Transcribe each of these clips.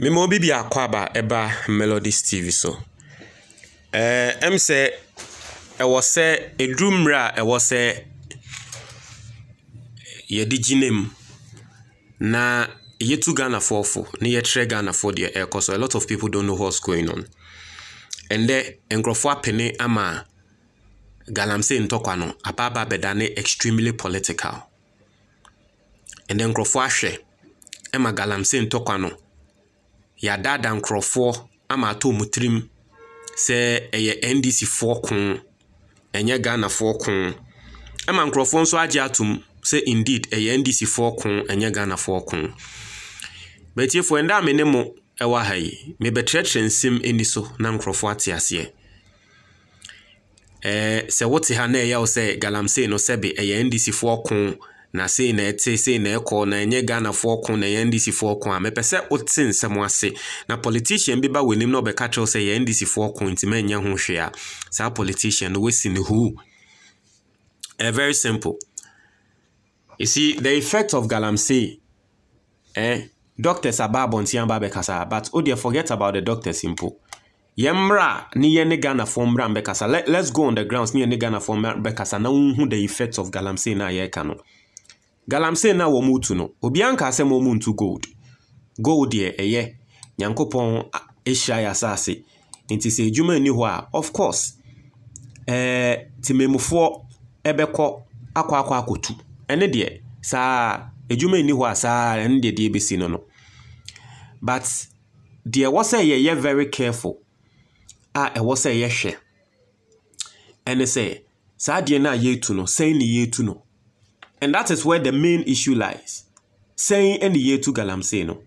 mema obi bi akɔ aba ɛba melodies tv so ɛɛm e, sɛ ɛwɔ sɛ ɛduru mmerɛ a ɛwɔ sɛ yɛde gyinam na yɛtu ghanafoɔ fo na yɛkyerɛ ghanafoɔ deɛ ɛrekɔ so a lot of people don't know what's going on ɛndɛ nkurɔfoɔ apene ama galamsey ntɔkwa no abaaba abɛdane extremely political ɛndɛ nkurɔfoɔ ahwɛ ɛma galamsey ntɔkwa no yɛadaadaa nkurɔfoɔ ama atɔ mu tirim sɛ ɛyɛ ndcfoɔ ko ɛnyɛ ghanafoɔ ko ɛma nkurɔfoɔ nso agye atom sɛ indeed ɛyɛ ndcfoɔ ko ɛnyɛ ghanafoɔ ko bɛtiefoɔ ɛnda me ne mo ɛwɔ ha yi mebɛtrɛtrɛ nsɛm ani so na nkurɔfoɔ ate aseɛ ɛɛ sɛ wote ha na ɛyɛ wo sɛ galamsey no sɛbe ɛyɛ ndcfoɔ ko na sei na ɛte sei na ɛkɔ na ɛnyɛ ghanafoɔ ko na ɛyɛ ndisifoɔ ko a mepɛ sɛ wote nsɛm ase na politician bi ba w'anim na ɔbɛka kyerɛw sɛ yɛ ndisifoɔ ko nti mɛnyɛ ho hwee a saa politician no wasi ne huu ɛ eh, very simple you see the effect of galamsey eh, doctors aba abɔnten aba abɛkasa but o oh deɛ forget about the doctors mpo yɛmmra ne yɛ ne ghanafoɔ mmra mbɛkasa Let, let's go on the grounds ne yɛ ne ghanafoɔ mbɛkasa na wohu the effect of galamsey na yɛreka no galamsey na wɔ mu tu no obiara nka sɛ ma ɔmu ntu gold gold deɛ ɛyɛ nyankopɔn ahyira yɛ asase nti sɛ edwuma nni hɔ a of course ɛɛ tememufoɔ ɛbɛkɔ akɔ akɔ akɔtu ɛne deɛ saa edwuma nni hɔ a saa ɛne deɛ deɛ ebesi no no but deɛ ɛwɔ sɛ yɛyɛ very careful a ɛwɔ sɛ yɛhwɛ ɛne sɛ saa deɛ no a yɛretu no sɛn ne yɛretu no And that is where the main issue lies. Saying any year to galamsey no.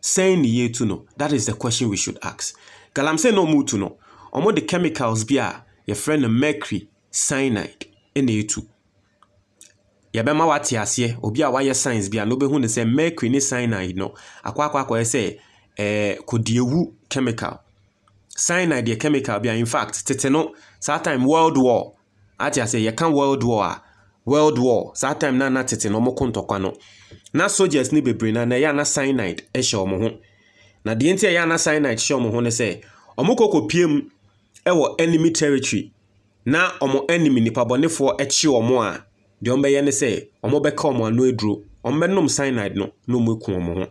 Saying the year to no. That is the question we should ask. Galamsey no mu to no. Omo the chemicals bia your friend mercury cyanide ɛna etu yɛbɛma wate aseɛ obi a wayɛ science bi a na obɛhu ne sɛ mercury ne cyanide no akɔ akɔ akɔyɛ sɛ ɛɛ eh, kodiewu chemical cyanide yɛ chemical bi a in fact tete no saa time world war ate aseɛ kan world war world war saa time na na tete na ɔmo ko ntɔkwa no na soldiers ni bebree na na ɛyɛ ana cyanide ɛhyɛ ɔmo ho na deɛ nti ɛyɛ ana cyanide hyɛ ɔmo ho ne sɛ ɔmo kɔ kɔpie ɛwɔ enemy territory na ɔmo enemy nipabɔnefoɔ ɛkyi ɔmo a deɛ ɔmo bɛyɛ ne sɛ ɔmo bɛka ɔmo ano aduro ɔmo bɛnom cyanide no na ɔmo eku ɔmo ho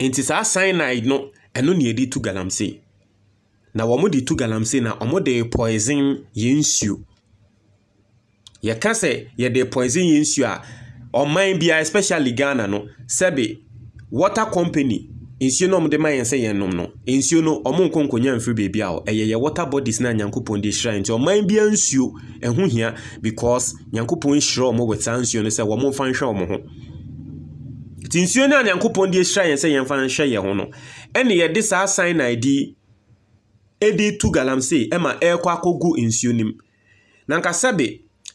nti saa cyanide no ɛno na yɛde tu galamsey na wɔn de tu galamsey na wɔn de poison yɛn nsuo yɛka sɛ yɛde poison yɛ nsuo a ɔman bia especially ghana no sɛbe water company nsuo no ɔmde ma yɛn sɛ yɛn nom no nsuo no ɔmo nkɔ nkonnwa mfiri baabi a ɛyɛ yɛ water bodies na nyankopɔn de hyira nti ɔman bia nsuo ɛho hia because nyankopɔn hyira ɔmo wɔ saa nsuo no sɛ wɔn mfa nhwɛ ɔmo ho nti nsuo no a nyankopɔn de hyira yɛn sɛ yɛmfa nhwɛ yɛn ho no ɛne yɛde saa cyanide yi ɛde tu galamsey ɛma ɛrekɔ akɔgu nsuo no mu na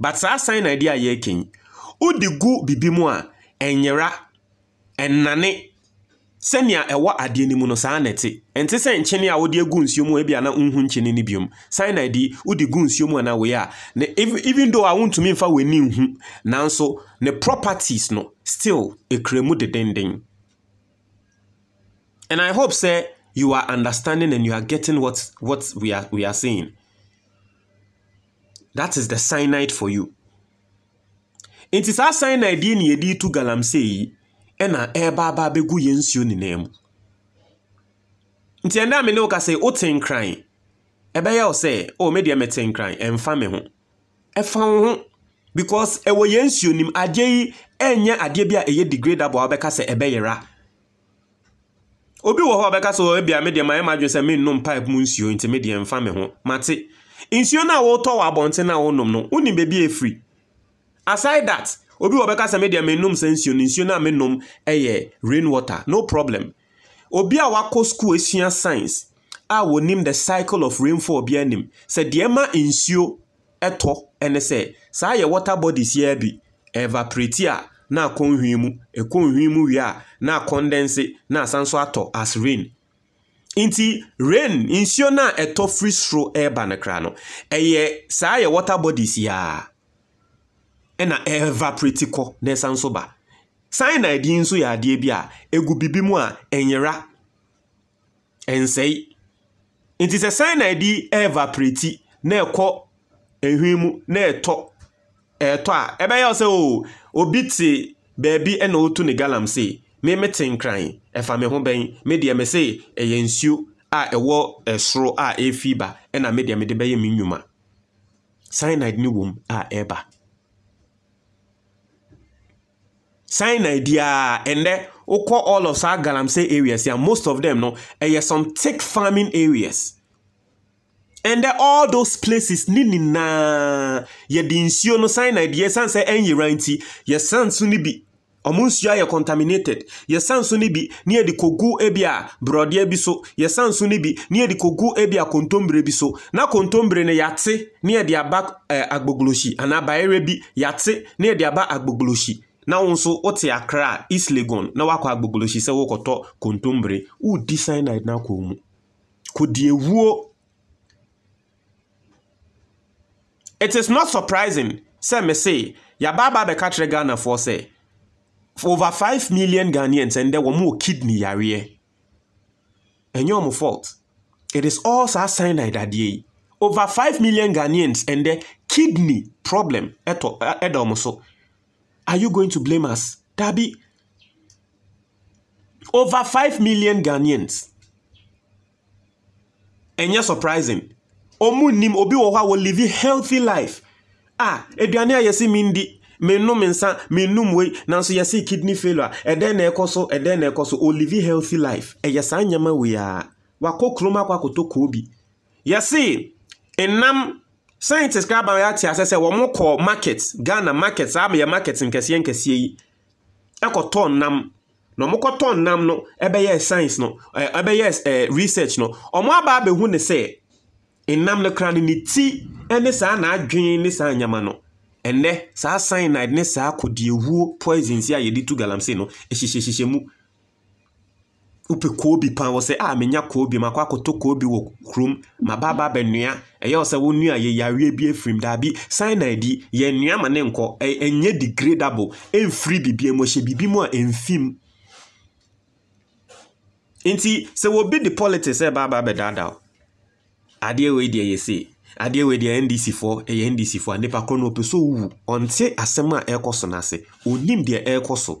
but saa sign na ɛde ayɛ kɛn wode gu bibi mu a ɛnyera ɛnane sɛnea ɛwɔ adeɛ no mu no saa na ɛte ɛnte sɛ nkyene a wode gu nsuo mu ebi ana nhu nkyene no biom sign na ɛde wode gu nsuo mu ana wei a ne even though a wontumi mfa w'ani nhu nanso ne properties no still ɛkura mu dedenden and i hope say you are understanding and you are getting what what we are we are saying That is the cyanide for you. Eh, nti saa cyanide yi na yɛde tu galamsey yi ɛna ɛreba aba abɛgu yɛn nsuo nyinaa mu. Nti ɛnna a me ne wo ka sɛ wote nkran ɛbɛyɛ wo sɛ o me deɛ mete nkran ɛmfa me ho. Ɛfa wo ho because ɛwɔ yɛn nsuo nim adeɛ yi ɛnyɛ adeɛ bi a ɛyɛ degradable a wobɛka sɛ ɛbɛyera. Obi wɔ hɔ a ɔbɛka sɛ ebia me deɛ ma ɛma adwene sɛ mennom pipe mu nsuo nti me deɛ nfa me ho mate. In nsuo no a wotɔ wɔ abɔnten a wonom no wonim baabi free. aside that obi wɔ bɛka sɛ medeɛ menom sɛ nsuo no nsuo no a menom yɛ rain water no problem obi a wakɔ school asua science a wɔnim the cycle of rainfall bi anim sɛ deɛ ma nsuo eto ɛne sɛ saa yɛ water bodies yɛ bi evaporate a na kon nhwii e kon nhwii mu a na condense na asan so atɔ as rain nti rain nsuo na ɛtɔ free soro ɛreba no kra no ɛyɛ saa yɛ water bodies ya ɛna ɛevaporate kɔ na ɛsan so ba cyanide nso yɛ adeɛ bi a ɛgu bibi mu a ɛnyera ɛnsɛe nti sɛ cyanide ɛevaporate na ɛkɔ ehwin mu na ɛtɔ ɛtɔ a ɛbɛyɛ sɛ o obi te baabi ɛna otu ne galamsey me mete nkran ɛfa me ho bɛn me deɛ me se ɛyɛ nsuo a ɛwɔ ɛsoro a ɛfi ba ɛna me deɛ mede bɛyɛ me nnwuma cyanide ne wom a ɛba cyanide a ɛnɛ wokɔ all of saa galamsey areas a most of them no ɛyɛ eh, some thick farming areas ɛndɛ all those places ne nyinaa yɛde nsuo no cyanide yɛsan sɛ ɛnyera eh, nti yɛsan so no bi ɔmo nsuo ayɛ contaminated yɛsa nso no bi ne yɛde kɔgu ebi a borɔdeɛ bi so yɛsa nso no bi ne yɛde kɔgu ebi a kontombire bi so na kontombire no yɛate ne yɛde aba eh, agbogbolosi anaa bayerɛ bi yɛate ne yɛde aba agbogbolosi na wo nso wote akra east legon na wakɔ agbogbolosi sɛ wokɔtɔ kontombire wodi cyanide no akɔ mu kɔdi ewuo it is not surprising sɛ me se yɛaba aba abɛka kyerɛ ghanafoɔ sɛ over five million Ghanaians and there were more kidney yareɛ ɛnyɛ ɔmo fault it is all sign cyanide adeɛ yi over five million Ghanaians and there kidney problem ɛtɔ ɛda e, ɔmo so are you going to blame us dabi over five million Ghanaians ɛnyɛ surprising ɔmo nim obi wɔ hɔ a wɔlive healthy life ah aduane a yɛsi mi ndi menom nsa menom wei nanso yɛse kidney failure ɛdɛn na ɛkɔ so ɛdɛn na ɛkɔ so olivi healthy life ɛyɛ e saa nnyɛma wei a wakɔ kurom akɔ akɔtɔ kɔɔ bi yɛse nnam scientist kraban yɛate asɛ sɛ wɔn kɔ market ghana market saa yɛ market nkɛseɛ nkɛseɛ yi ɛkɔtɔ nam na wɔn kɔtɔ nam no ɛbɛyɛ science no ɛbɛyɛ eh, ɛɛ eh, research no wɔn aba abɛhu ne sɛ nnam no kra no ne ti ɛne saa n'adwene ne saa nyama no ɛnɛ saa cyanide ne saa kɔdeɛwuo poisons a yɛde tu galamsey no ɛhyehyɛhyehyɛ mu wopɛ koobi pan wɔ sɛ a menya koobi makɔ akɔtɔ koobi wɔ kurom mabaaba bɛnua ɛyɛ wɔ sɛ wo nua yɛ yareɛ bi afirim daabi cyanide yi yɛnnua ma ne nkɔ ɛnyɛ degradable ɛmfiri biribiam ɔhyɛ biribi mu a ɛmfim nti sɛ wɔbi de politics sɛ ɛbaaba bɛdaadaa adeɛ wei deɛ yɛsei adeɛ wei deɛ ndcfoɔ ɛyɛ ndcfoɔ a nipa korɔ no ɔpɛ sɛ ɔwu ɔnte asɛm a ɛrekɔ so n'ase onim deɛ ɛrekɔ so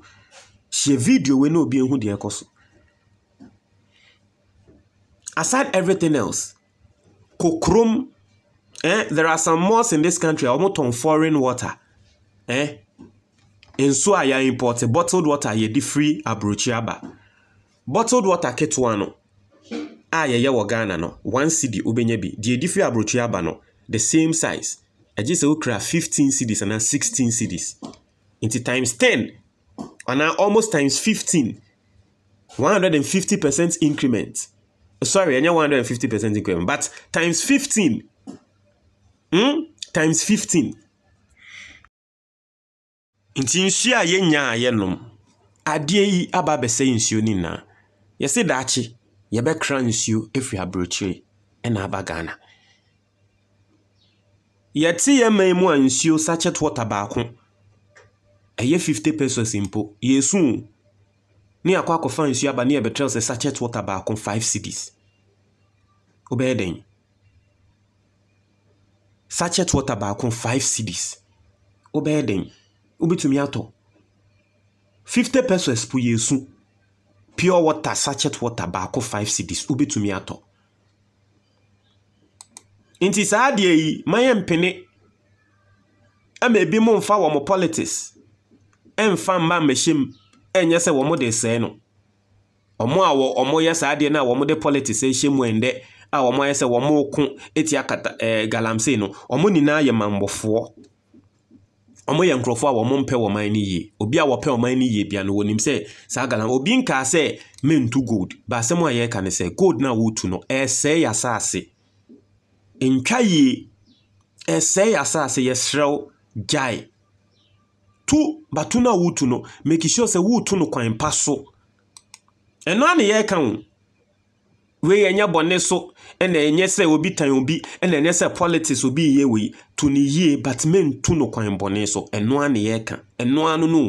hyɛ video wei na obi ehu deɛ ɛrekɔ so aside everything else kokrom eh, there are some malls in this country a wɔtɔn foreign water eh? nsuo a yɛimport bottled water yɛde free aburokyi aba bottled water ketewa no a yɛyɛ wɔ ghana no one cd wobɛnya bi deɛ ɛdi firi aborɔkyerɛ aba no the same size ɛgye sɛ wokura 15 cds anaa 16 cds nti times 10 anaa almost times 15 150 percent increment sorry ɛnyɛ 150 percent increment but times 15 hmm? times 15 nti nsuo a yɛnyaa yɛnom adeɛ yi aba abɛsɛ nsuo no nyinaa yɛse daakye yɛbɛkra nsuo ɛfiri aburokyire ɛna aba ghana yɛte yɛ man mu a nsuo sachet water baako ɛyɛ fifty pesos mpo yɛsu ne akɔ akɔfa nsuo aba ne yɛbɛtrɛw sɛ sachet water baako five cities wobɛyɛ dɛn sachet water baako five cities wobɛyɛ dɛn wobɛtumi atɔ Fifty pesos po yɛsu pure water sachet water baako 5 cedis wobɛtumi atɔ nti saa deɛ yi ma yɛ mpene ama ebi mu mfa wɔn politics ɛmfa mma mmɛhyɛm ɛnyɛ sɛ wɔn de sɛɛ no wɔn a wɔ wɔn yɛ saa deɛ no a wɔn de politics ɛhyɛ mu ɛndɛ a wɔn ayɛ sɛ wɔn ko etia kata ɛɛ galamsey no wɔn nyinaa yɛ mambɔfoɔ wɔyɛ nkurɔfoɔ a wɔn mpɛ wɔn no yie obi a wɔpɛ wɔn no yie bia no wɔnim sɛ saa galam obi nkaa sɛ mentu gold baasɛm a yɛreka ne sɛ gold no a wɔretu no ɛresɛe yɛ asase ntwa yie ɛresɛe yɛ asase yɛsrɛw gyae tu batu no a wotu no make sure sɛ wotu no kwan pa so ɛno a yɛreka wo wei ɛnyɛ bɔne so ɛna ɛnyɛ sɛ obi tan obi ɛna ɛnyɛ sɛ politics obi yie wei to ne yie but mentu no kwan bɔne so ɛnoa ne yɛka ɛnoa no no